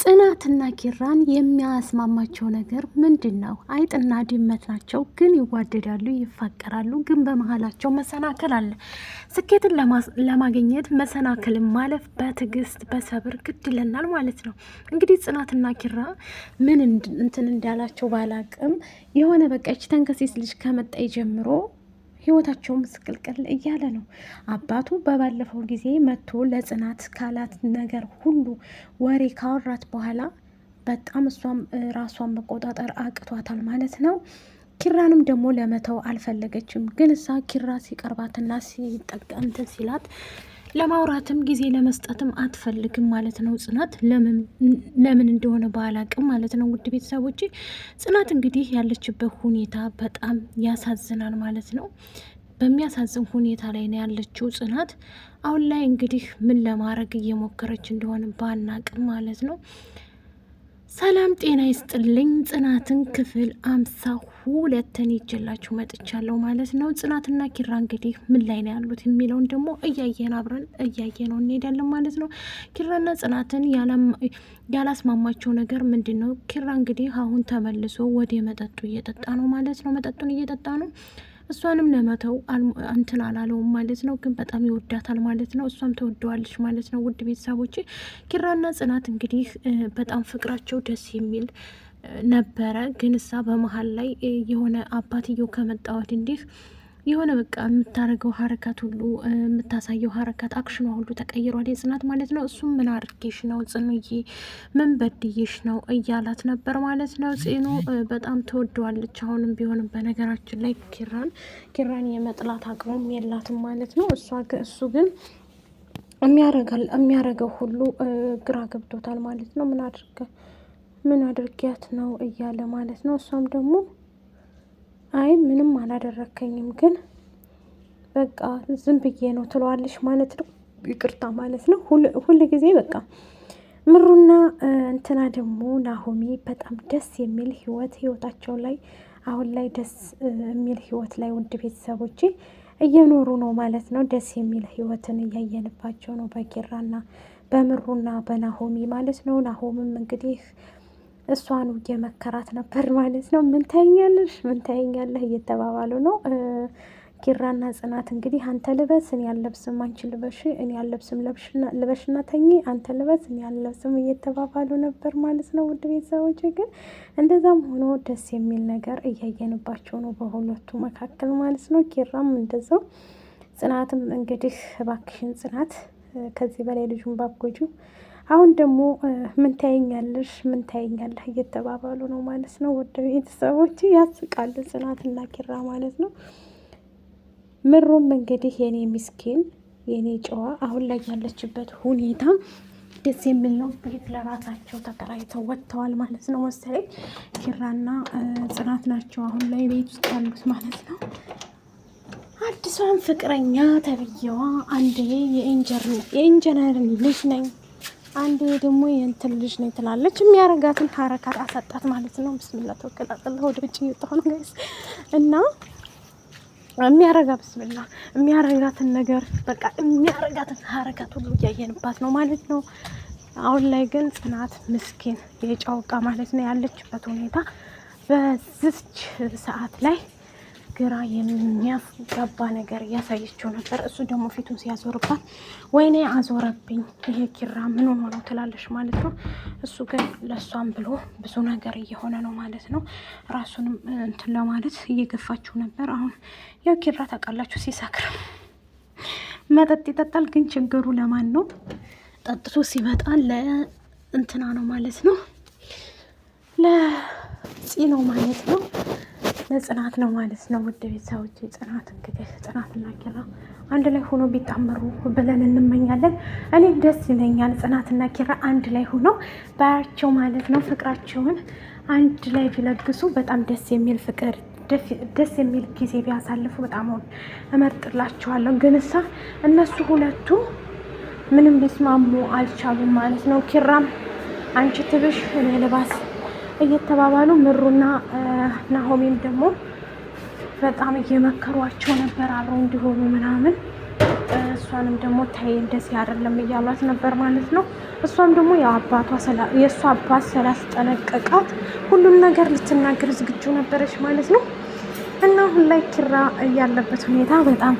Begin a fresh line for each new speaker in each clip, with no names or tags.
ጽናትና ኪራን የሚያስማማቸው ነገር ምንድን ነው? አይጥና ድመት ናቸው፣ ግን ይዋደዳሉ፣ ይፋቀራሉ። ግን በመሀላቸው መሰናክል አለ። ስኬትን ለማግኘት መሰናክልን ማለፍ በትዕግስት በሰብር ግድ ይለናል ማለት ነው። እንግዲህ ጽናትና ኪራ ምን እንትን እንዳላቸው ባላቅም የሆነ በቃ ተንከሴስ ልጅ ከመጣ ጀምሮ ህይወታቸው ምስቅልቅል እያለ ነው። አባቱ በባለፈው ጊዜ መጥቶ ለጽናት ካላት ነገር ሁሉ ወሬ ካወራት በኋላ በጣም እሷም ራሷን መቆጣጠር አቅቷታል ማለት ነው። ኪራንም ደግሞ ለመተው አልፈለገችም። ግን እሳ ኪራ ሲቀርባትና ሲጠቀምትን ሲላት ለማውራትም ጊዜ ለመስጠትም አትፈልግም ማለት ነው ጽናት። ለምን እንደሆነ ባላቅም ማለት ነው። ውድ ቤተሰቦች ጽናት እንግዲህ ያለችበት ሁኔታ በጣም ያሳዝናል ማለት ነው። በሚያሳዝን ሁኔታ ላይ ነው ያለችው ጽናት። አሁን ላይ እንግዲህ ምን ለማድረግ እየሞከረች እንደሆነ ባናቅም ማለት ነው ሰላም ጤና ይስጥልኝ። ጽናትን ክፍል አምሳ ሁለትን ይዤላችሁ መጥቻለሁ ማለት ነው። ጽናትና ኪራ እንግዲህ ምን ላይ ነው ያሉት የሚለውን ደግሞ እያየን አብረን እያየ ነው እንሄዳለን ማለት ነው። ኪራና ጽናትን ያላስማማቸው ነገር ምንድን ነው? ኪራ እንግዲህ አሁን ተመልሶ ወደ መጠጡ እየጠጣ ነው ማለት ነው። መጠጡን እየጠጣ ነው እሷንም ለመተው እንትን አላለውም ማለት ነው። ግን በጣም ይወዳታል ማለት ነው። እሷም ተወደዋለች ማለት ነው። ውድ ቤተሰቦች ኪራና ጽናት እንግዲህ በጣም ፍቅራቸው ደስ የሚል ነበረ። ግን እሳ በመሀል ላይ የሆነ አባትየው ከመጣወት እንዲህ የሆነ በቃ የምታደርገው ሀረካት ሁሉ የምታሳየው ሀረካት አክሽኗ ሁሉ ተቀይሯል፣ የጽናት ማለት ነው። እሱም ምን አድርጌሽ ነው ጽኑዬ፣ ምን በድዬሽ ነው እያላት ነበር ማለት ነው። ጽኑ በጣም ተወደዋለች። አሁንም ቢሆንም በነገራችን ላይ ኪራን ኪራን የመጥላት አቅሙም የላትም ማለት ነው። እሷ እሱ ግን የሚያረገው ሁሉ ግራ ገብቶታል ማለት ነው። ምን አድርገ ምን አድርጊያት ነው እያለ ማለት ነው። እሷም ደግሞ አይ ምንም አላደረከኝም ግን በቃ ዝም ብዬ ነው ትለዋለሽ ማለት ነው። ይቅርታ ማለት ነው። ሁል ጊዜ በቃ ምሩና እንትና ደግሞ ናሆሚ በጣም ደስ የሚል ህይወት ህይወታቸው ላይ አሁን ላይ ደስ የሚል ህይወት ላይ ውድ ቤተሰቦቼ እየኖሩ ነው ማለት ነው። ደስ የሚል ህይወትን እያየንባቸው ነው በኪራና በምሩና በናሆሚ ማለት ነው። ናሆምም እንግዲህ እሷን እየመከራት ነበር ማለት ነው። ምን ታይኛለሽ፣ ምን ታይኛለህ እየተባባሉ ነው። ኪራና ጽናት እንግዲህ አንተ ልበስ እኔ አልለብስም፣ አንቺ ልበሽ እኔ አልለብስም፣ ልበሽና ተኚ፣ አንተ ልበስ እኔ አልለብስም እየተባባሉ ነበር ማለት ነው። ውድ ቤተሰቦች ግን እንደዛም ሆኖ ደስ የሚል ነገር እያየንባቸው ነው በሁለቱ መካከል ማለት ነው። ኪራም እንደዛው ጽናትም እንግዲህ እባክሽን ጽናት ከዚህ በላይ ልጁን ባጎጁ አሁን ደግሞ ምን ታየኛለሽ፣ ምን ታየኛለህ እየተባባሉ ነው ማለት ነው። ወደ ቤተሰቦች ያስቃሉ ጽናትና ኪራ ማለት ነው። ምሩም እንግዲህ የኔ ምስኪን የኔ ጨዋ አሁን ላይ ያለችበት ሁኔታ ደስ የሚል ነው። ቤት ለራሳቸው ተከራይተው ወጥተዋል ማለት ነው መሰለኝ። ኪራና ጽናት ናቸው አሁን ላይ ቤት ውስጥ ያሉት ማለት ነው። አዲሷን ፍቅረኛ ተብዬዋ አንድ የኢንጂነር ልጅ ነኝ አንዱ ደግሞ የእንትን ልጅ ነው ትላለች። የሚያረጋትን ሀረካት አሳጣት ማለት ነው። ብስምላ ተወከላጠለ ወደ ውጭ እየወጣሁ ነው ጋይስ እና የሚያረጋ ብስምላ የሚያረጋትን ነገር በቃ የሚያረጋትን ሀረካት ሁሉ እያየንባት ነው ማለት ነው። አሁን ላይ ግን ጽናት ምስኪን የጨውቃ ማለት ነው ያለችበት ሁኔታ በዚች ሰዓት ላይ ግራ የሚያስጋባ ነገር እያሳየችው ነበር። እሱ ደግሞ ፊቱን ሲያዞርባት ወይኔ አዞረብኝ፣ ይሄ ኪራ ምን ሆኖ ነው ትላለች ማለት ነው። እሱ ግን ለእሷም ብሎ ብዙ ነገር እየሆነ ነው ማለት ነው። ራሱንም እንትን ለማለት እየገፋችው ነበር። አሁን ያው ኪራ ታውቃላችሁ፣ ሲሰክር መጠጥ ይጠጣል። ግን ችግሩ ለማን ነው? ጠጥቶ ሲመጣ ለእንትና ነው ማለት ነው፣ ለጺ ነው ማለት ነው። ለጽናት ነው ማለት ነው። ውድ ቤተሰቦች ጽናት እንግዲህ ጽናትና ኪራ አንድ ላይ ሆኖ ቢጣመሩ ብለን እንመኛለን። እኔም ደስ ይለኛል ጽናትና ኪራ አንድ ላይ ሆኖ ባያቸው ማለት ነው። ፍቅራቸውን አንድ ላይ ቢለግሱ በጣም ደስ የሚል ፍቅር ደስ የሚል ጊዜ ቢያሳልፉ በጣም እመርጥላቸዋለሁ። ግን እሳ እነሱ ሁለቱ ምንም ሊስማሙ አልቻሉም ማለት ነው። ኪራም አንቺ ትብሽ እኔ ልባስ እየተባባሉ ምሩና ናሆሜም ደግሞ በጣም እየመከሯቸው ነበር አብረው እንዲሆኑ ምናምን። እሷንም ደግሞ ታይ እንደዚህ አይደለም እያሏት ነበር ማለት ነው። እሷም ደግሞ የአባቷ የእሷ አባት ስላስጠነቀቃት ሁሉም ነገር ልትናገር ዝግጁ ነበረች ማለት ነው። እና አሁን ላይ ኪራ ያለበት ሁኔታ በጣም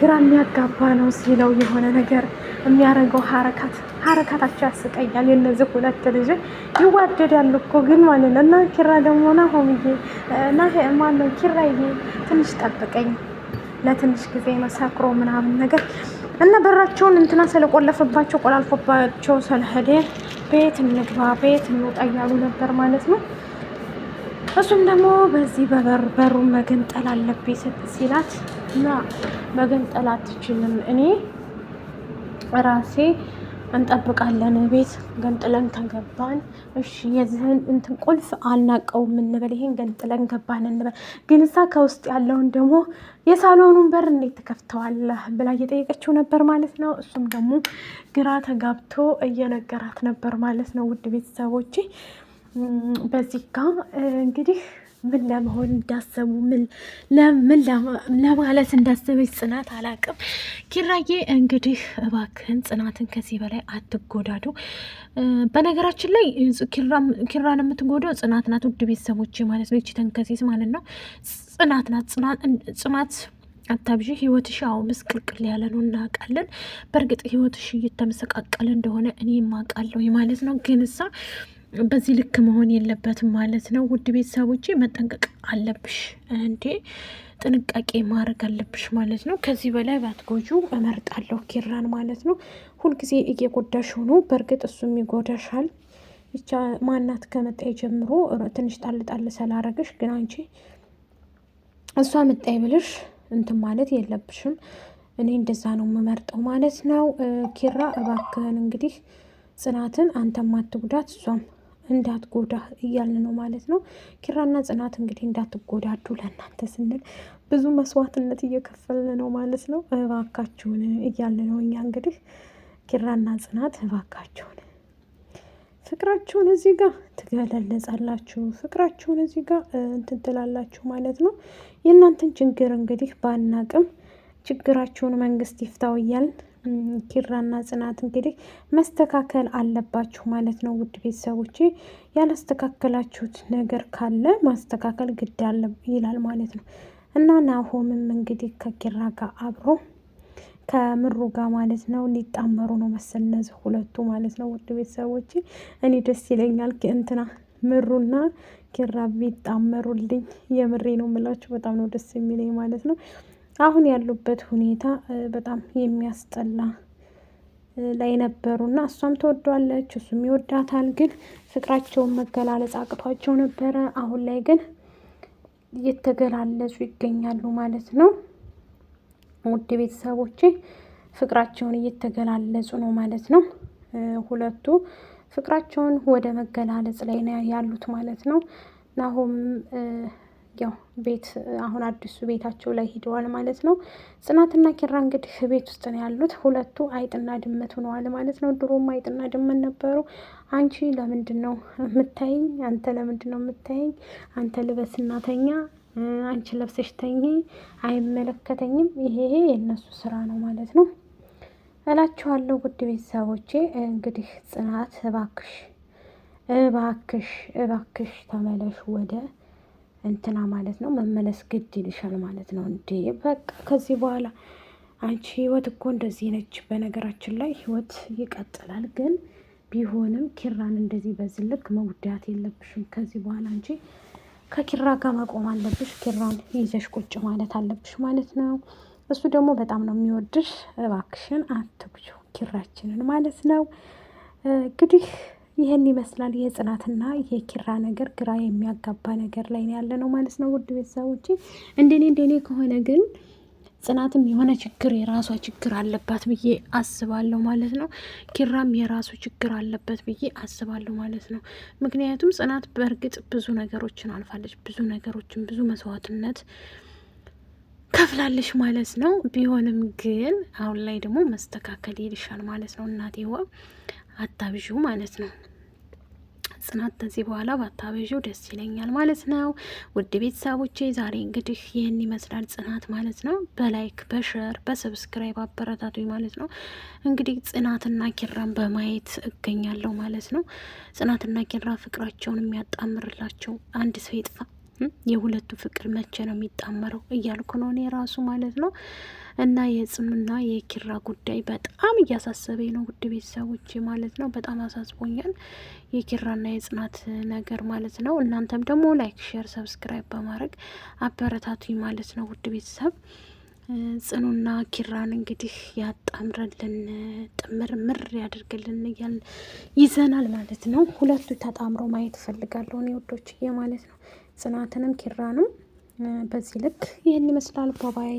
ግራ የሚያጋባ ነው ሲለው የሆነ ነገር የሚያደርገው ሀረካት ሀረካታቸው ያስቀኛል። የነዚህ ሁለት ልጆች ይዋደዳሉ እኮ ግን ማለት ነው። እና ኪራ ደግሞ ናሆምዬ እና ማነው ኪራዬ ትንሽ ጠብቀኝ ለትንሽ ጊዜ ነው ምናምን ነገር እና በራቸውን እንትና ስለቆለፈባቸው ቆላልፎባቸው ስለሄደ ቤት እንግባ ቤት እንውጣ እያሉ ነበር ማለት ነው። እሱም ደግሞ በዚህ በበር በሩን መገንጠል አለብኝ ሲላት እና መገንጠል አትችልም እኔ ራሴ እንጠብቃለን ቤት ገንጥለን ከገባን እሺ፣ የዚህን እንትን ቁልፍ አልናቀውም እንበል፣ ይሄን ገንጥለን ገባን እንበል። ግን እዛ ከውስጥ ያለውን ደግሞ የሳሎኑን በር እንዴት ትከፍተዋለህ ብላ እየጠየቀችው ነበር ማለት ነው። እሱም ደግሞ ግራ ተጋብቶ እየነገራት ነበር ማለት ነው። ውድ ቤተሰቦች በዚህ ጋ እንግዲህ ምን ለመሆን እንዳሰቡ ምን ለማለት እንዳሰበች ጽናት አላቅም። ኪራዬ እንግዲህ እባክህን ጽናትን ከዚህ በላይ አትጎዳዱ። በነገራችን ላይ ኪራን የምትጎዳው ጽናት ናት። ውድ ቤተሰቦች ማለት ነው፣ ይቺ ተንከሴስ ማለት ነው ጽናት ናት። ጽናት አታብዢ። ህይወትሽ አዎ ምስቅልቅል ያለ ነው እናውቃለን። በእርግጥ ህይወትሽ እየተመሰቃቀለ እንደሆነ እኔ ማቃለሁ ማለት ነው ግን እሳ በዚህ ልክ መሆን የለበትም ማለት ነው። ውድ ቤተሰቦች መጠንቀቅ አለብሽ እንዴ፣ ጥንቃቄ ማድረግ አለብሽ ማለት ነው። ከዚህ በላይ ባትጎጁ እመርጣለሁ ኪራን ማለት ነው። ሁልጊዜ እየጎዳሽ ሆኖ በእርግጥ እሱም ይጎዳሻል። ብቻ ማናት ከመጣይ ጀምሮ ትንሽ ጣልጣል ጣል ስላረገሽ ግን አንቺ እሷ መጣይ ብልሽ እንትን ማለት የለብሽም። እኔ እንደዛ ነው የምመርጠው ማለት ነው። ኪራ እባክህን እንግዲህ ጽናትን አንተም አትጉዳት እሷም እንዳትጎዳ እያልን ነው ማለት ነው። ኪራና ጽናት እንግዲህ እንዳትጎዳዱ ለእናንተ ስንል ብዙ መስዋዕትነት እየከፈልን ነው ማለት ነው። እባካችሁን እያልን ነው እኛ እንግዲህ ኪራና ጽናት እባካችሁን ፍቅራችሁን እዚህ ጋር ትገለለጻላችሁ፣ ፍቅራችሁን እዚህ ጋር እንትን ትላላችሁ ማለት ነው። የእናንተን ችግር እንግዲህ ባናቅም ችግራችሁን መንግስት ይፍታው እያልን ኪራና ጽናት እንግዲህ መስተካከል አለባችሁ ማለት ነው። ውድ ቤተሰቦቼ ያላስተካከላችሁት ነገር ካለ ማስተካከል ግድ አለ ይላል ማለት ነው። እና ናሆምም እንግዲህ ከኪራ ጋር አብሮ ከምሩ ጋር ማለት ነው ሊጣመሩ ነው መሰል እነዚህ ሁለቱ ማለት ነው። ውድ ቤተሰቦቼ እኔ ደስ ይለኛል እንትና ምሩና ኪራ ቢጣመሩልኝ የምሬ ነው ምላችሁ። በጣም ነው ደስ የሚለኝ ማለት ነው። አሁን ያሉበት ሁኔታ በጣም የሚያስጠላ ላይ ነበሩ እና እሷም ትወዷለች፣ እሱም ይወዳታል። ግን ፍቅራቸውን መገላለጽ አቅቷቸው ነበረ። አሁን ላይ ግን እየተገላለጹ ይገኛሉ ማለት ነው። ውድ ቤተሰቦቼ ፍቅራቸውን እየተገላለጹ ነው ማለት ነው። ሁለቱ ፍቅራቸውን ወደ መገላለጽ ላይ ያሉት ማለት ነው ናሆም ያው ቤት አሁን አዲሱ ቤታቸው ላይ ሂደዋል ማለት ነው። ጽናትና ኪራ እንግዲህ ቤት ውስጥ ነው ያሉት። ሁለቱ አይጥና ድመት ሆነዋል ማለት ነው። ድሮም አይጥና ድመት ነበሩ። አንቺ ለምንድን ነው የምታይኝ? አንተ ለምንድን ነው የምታይኝ? አንተ ልበስ እናተኛ አንቺ ለብሰሽ ተኝ፣ አይመለከተኝም። ይሄ የእነሱ ስራ ነው ማለት ነው እላችኋለሁ። ውድ ቤተሰቦቼ እንግዲህ ጽናት እባክሽ እባክሽ እባክሽ ተመለሽ ወደ እንትና ማለት ነው መመለስ ግድ ይልሻል ማለት ነው። እንዴ በቃ ከዚህ በኋላ አንቺ ህይወት እኮ እንደዚህ ነች። በነገራችን ላይ ህይወት ይቀጥላል። ግን ቢሆንም ኪራን እንደዚህ በዚህ ልክ መጉዳት የለብሽም። ከዚህ በኋላ አንቺ ከኪራ ጋር መቆም አለብሽ። ኪራን ይዘሽ ቁጭ ማለት አለብሽ ማለት ነው። እሱ ደግሞ በጣም ነው የሚወድሽ። እባክሽን አትጉጂው ኪራችንን ማለት ነው እንግዲህ ይህን ይመስላል የጽናትና የኪራ ነገር። ግራ የሚያጋባ ነገር ላይ ያለ ነው ማለት ነው። ውድ ቤተሰቦች እንደኔ እንደኔ ከሆነ ግን ጽናትም የሆነ ችግር የራሷ ችግር አለባት ብዬ አስባለሁ ማለት ነው። ኪራም የራሱ ችግር አለበት ብዬ አስባለሁ ማለት ነው። ምክንያቱም ጽናት በእርግጥ ብዙ ነገሮችን አልፋለች፣ ብዙ ነገሮችን ብዙ መስዋዕትነት ከፍላለች ማለት ነው። ቢሆንም ግን አሁን ላይ ደግሞ መስተካከል ይልሻል ማለት ነው እናቴዋ አታብዡ ማለት ነው። ጽናት ከዚህ በኋላ ባታበዡ ደስ ይለኛል ማለት ነው። ውድ ቤተሰቦቼ ዛሬ እንግዲህ ይህን ይመስላል ጽናት ማለት ነው። በላይክ በሸር በሰብስክራይብ አበረታቱ ማለት ነው። እንግዲህ ጽናትና ኪራን በማየት እገኛለሁ ማለት ነው። ጽናትና ኪራ ፍቅራቸውን የሚያጣምርላቸው አንድ ሰው ይጥፋ። የሁለቱ ፍቅር መቼ ነው የሚጣመረው እያልኩ ነው እኔ ራሱ ማለት ነው። እና የጽምና የኪራ ጉዳይ በጣም እያሳሰበ ነው ውድ ቤተሰቦች ማለት ነው። በጣም አሳስቦኛል የኪራና የጽናት ነገር ማለት ነው። እናንተም ደግሞ ላይክ፣ ሼር፣ ሰብስክራይብ በማድረግ አበረታቱኝ ማለት ነው ውድ ቤተሰብ ጽኑና ኪራን እንግዲህ ያጣምረልን ጥምር ምር ያደርግልን እያል ይዘናል ማለት ነው። ሁለቱ ተጣምሮ ማየት እፈልጋለሁ እኔ ማለት ነው ጽናትንም ኪራንም በዚህ ልክ ይህን ይመስላል። ባባይ